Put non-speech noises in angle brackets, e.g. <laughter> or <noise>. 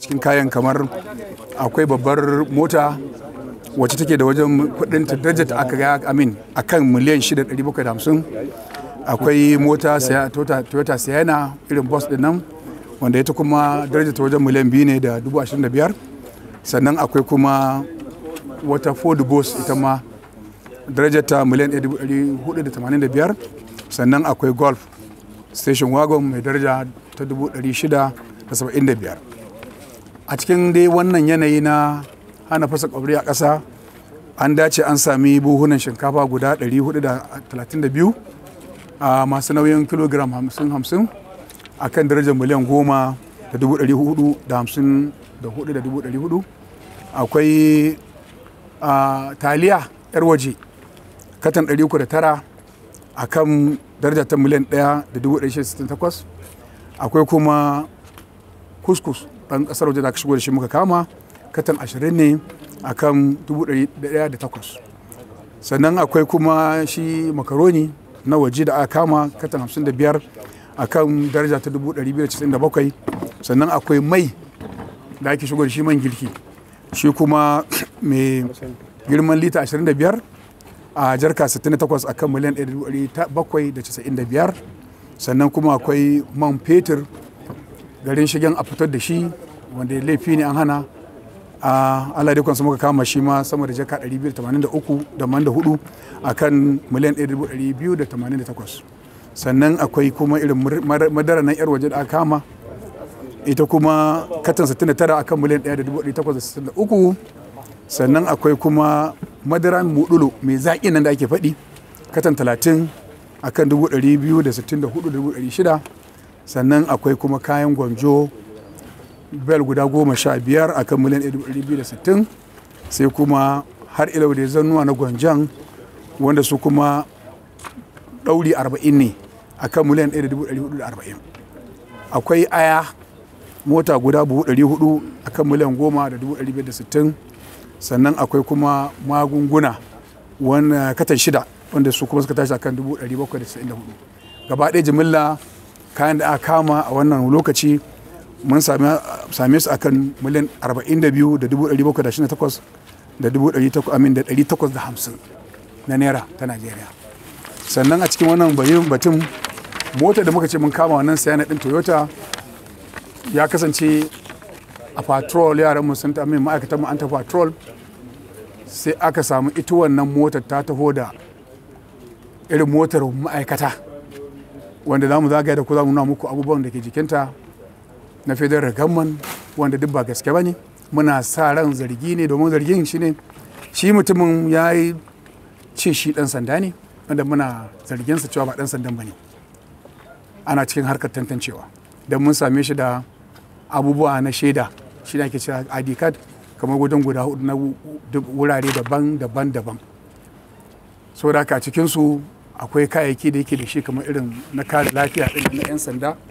cikin kayan kamar akwai babbar mota wacce take da wajen kudin ta aka ga amin kan miliyan 6,750 akwai mota toyota sienna irin bus din nan wanda ita kuma darajar ta wajen miliyan biyu ne da 25,000 sannan akwai kuma wata ford bus ita ma darajar ta miliyan 485 sannan akwai golf station wagon mai daraja ta 675 a cikin dai wannan yanayi na hana fasa kwabri a ƙasa an dace an sami buhunan shinkafa guda 432 a masu nauyin kilogram 50-50 a kan darajar miliyan 10 da 454 akwai taliya yar waje katan 309 a kan darajar ta miliyan 1 da 168 akwai kuma kuskus dan ƙasar waje da aka shigo da shi muka kama katan ashirin ne a kan dubu ɗaya da takwas sannan akwai kuma shi makaroni na waje da aka kama katan 55 da biyar a kan daraja ta dubu ɗari biyu da da bakwai sannan akwai mai da ake shigo da shi man girki shi kuma <coughs> mai girman lita ashirin da biyar a jarka 68 a kan miliyan 795 sannan kuma akwai man fetur garin shigen a fitar da shi wanda laifi ne an hana a Allah dai muka kama shi ma sama da jaka 283 a kan miliyan 1288 sannan akwai kuma irin madara na yar waje da aka kama ita kuma katan 69 kan miliyan 1863 sannan akwai kuma madara mudulo mai zaƙi nan da ake faɗi katan 30 kan 264,600 sannan akwai kuma kayan gwanjo bel guda goma sha biyar a kan miliyan 260 sai kuma har ilau da zannuwa na gwanjan wanda su kuma ɗauri 40 ne a kan miliyan 1440 akwai aya mota guda buhu 400 a kan miliyan goma da sittin. sannan akwai kuma magunguna wani katan shida wanda su kuma suka tashi a kan hudu. gaba ɗaya jimilla kayan da aka kama a wannan lokaci mun same su akan miliyan 42,728 da 850 na naira ta najeriya sannan a cikin wannan bayin batun mota da muka ce mun kama wannan sayan din toyota ya kasance a patrol yaran mu sun tamin ma'aikatan mu an ta patrol sai aka samu ita wannan motar ta taho da irin motar ma'aikata wanda za mu zagaya da ku za mu nuna muku abubuwan da ke jikinta na federal gamman wanda duk ba gaske ba ne muna sa ran zargi ne domin zargin shi ne shi mutumin ya yi ce shi dan sanda ne wanda muna zarginsa cewa ba dan sandan ba ne ana cikin harkar tantancewa don mun same shi da abubuwa na shaida shi ne ake cewa id card kamar gudun guda hudu na wurare daban daban daban saboda haka cikinsu akwai kayayyaki da yake da shi kamar irin na kare lafiya ɗin na 'yan sanda